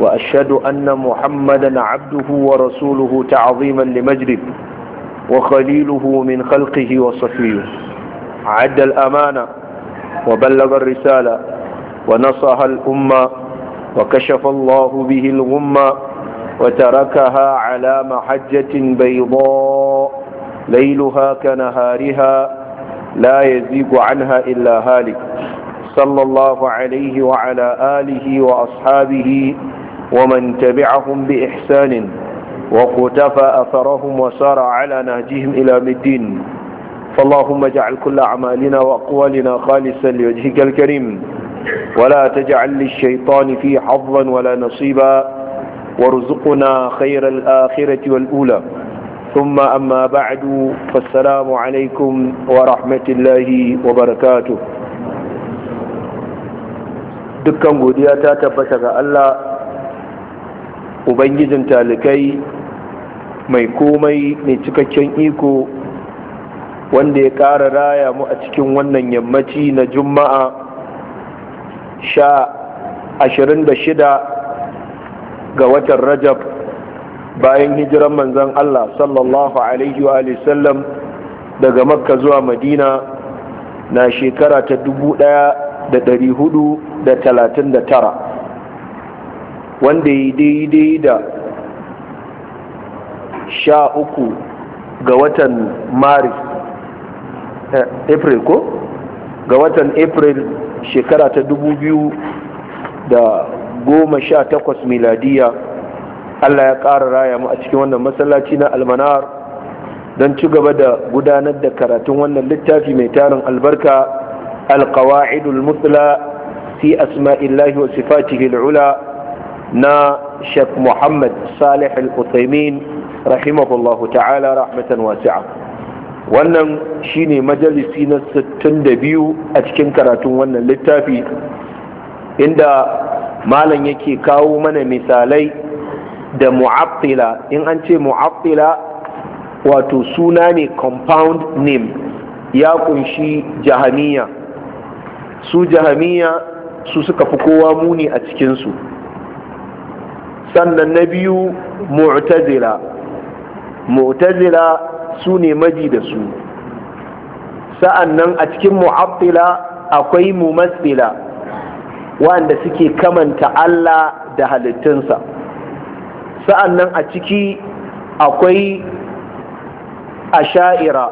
وأشهد أن محمدا عبده ورسوله تعظيما لمجده وخليله من خلقه وصفيه عد الأمانة وبلغ الرسالة ونصها الأمة وكشف الله به الغمة وتركها على محجة بيضاء ليلها كنهارها لا يزيق عنها إلا هالك صلى الله عليه وعلى آله وأصحابه ومن تبعهم بإحسان وقتفى أثرهم وسار على نهجهم إلى مدين فاللهم اجعل كل أعمالنا وأقوالنا خالصا لوجهك الكريم ولا تجعل للشيطان فيه حظا ولا نصيبا وارزقنا خير الآخرة والأولى ثم أما بعد فالسلام عليكم ورحمة الله وبركاته دكا godiya ta tabbata ubangijin talikai mai komai mai cikakken iko wanda ya ƙara raya mu a cikin wannan yammaci na juma'a sha ashirin da shida ga watan rajab bayan hijiran manzan allah sallallahu alaihi wa sallam daga makka zuwa madina na shekara ta dubu ɗaya da hudu da ɗari hudu talatin tara wanda ya daidai da sha uku ga watan maris eh, april ko ga watan april shekara ta dubu biyu da goma sha takwas miladiya allah ya ƙara raya mu a cikin wannan masallaci na almanar don ci gaba da gudanar da karatun wannan littafi mai tarin albarka alkawa'idul mutla fi asma'illahi wa sifatihi al'ula na Sheikh Muhammad Salih Al-Uthaymin rahimahullahu ta'ala rahmatan wasi'a wannan shine majalisi na 62 a cikin karatun wannan littafi inda malam yake kawo mana misalai da mu'attila in an ce mu'attila wato suna ne compound name ya kunshi jahamiya su jahamiya su suka fi kowa muni a cikinsu sannan na biyu mu'tazila mu'tazila su ne maji da su sa'annan a cikin mu'attila akwai mumassila wanda suke kamanta Allah da halittunsa sa'annan a ciki akwai asha'ira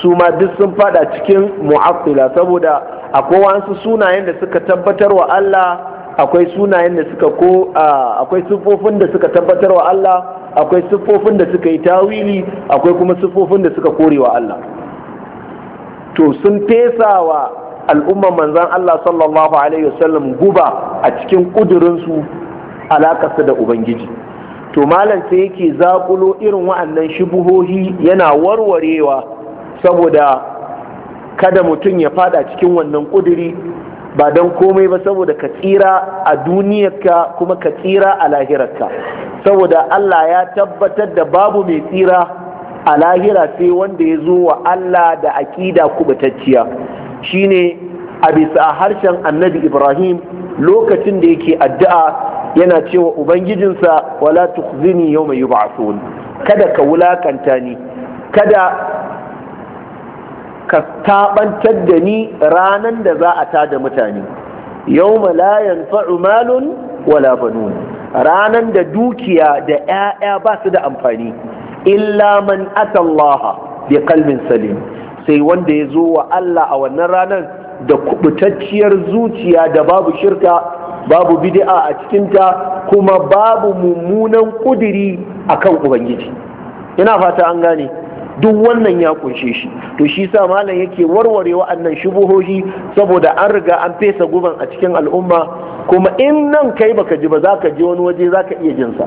su ma duk sun fada cikin mu'attila saboda akwai wasu sunayen da suka tabbatar wa Allah akwai sunayen da suka ko akwai siffofin da suka tabbatar wa Allah akwai siffofin da suka yi tawili akwai kuma siffofin da suka kore wa Allah to sun fesa wa al'umman manzan Allah sallallahu alaihi wasallam guba a cikin ƙudurinsu alakarsa da ubangiji to malam sai yake zakulo irin wa'annan shubuhohi yana warwarewa saboda kada mutum ya fada cikin wannan kuduri. ba don komai ba saboda ka tsira a duniyarka kuma ka tsira a lahirarka saboda Allah ya tabbatar da babu mai tsira a lahira sai wanda ya zo wa Allah da aƙida kubutacciya shine a bisa harshen annabi Ibrahim lokacin da yake addu'a yana cewa ubangijinsa wala tukhzini mai yub'athun kada ka wulakanta ni kada ka taɓantar da ni ranan da za a tada mutane Yau la yanfa'u malun wala banun ranan da dukiya da 'ya'ya ba su da amfani illa man atallaha bi qalbin salim sai wanda ya zo wa Allah a wannan ranar da kubutacciyar zuciya da babu shirka babu bid'a a cikinta kuma babu mummunan kudiri akan ubangiji ina fata an gane duk wannan ya kunshe shi to shi sa malam yake warware wa'annan shubuhohi saboda an riga an fesa guban a cikin al'umma kuma in nan kai baka ji ba za ka je wani waje za ka iya jinsa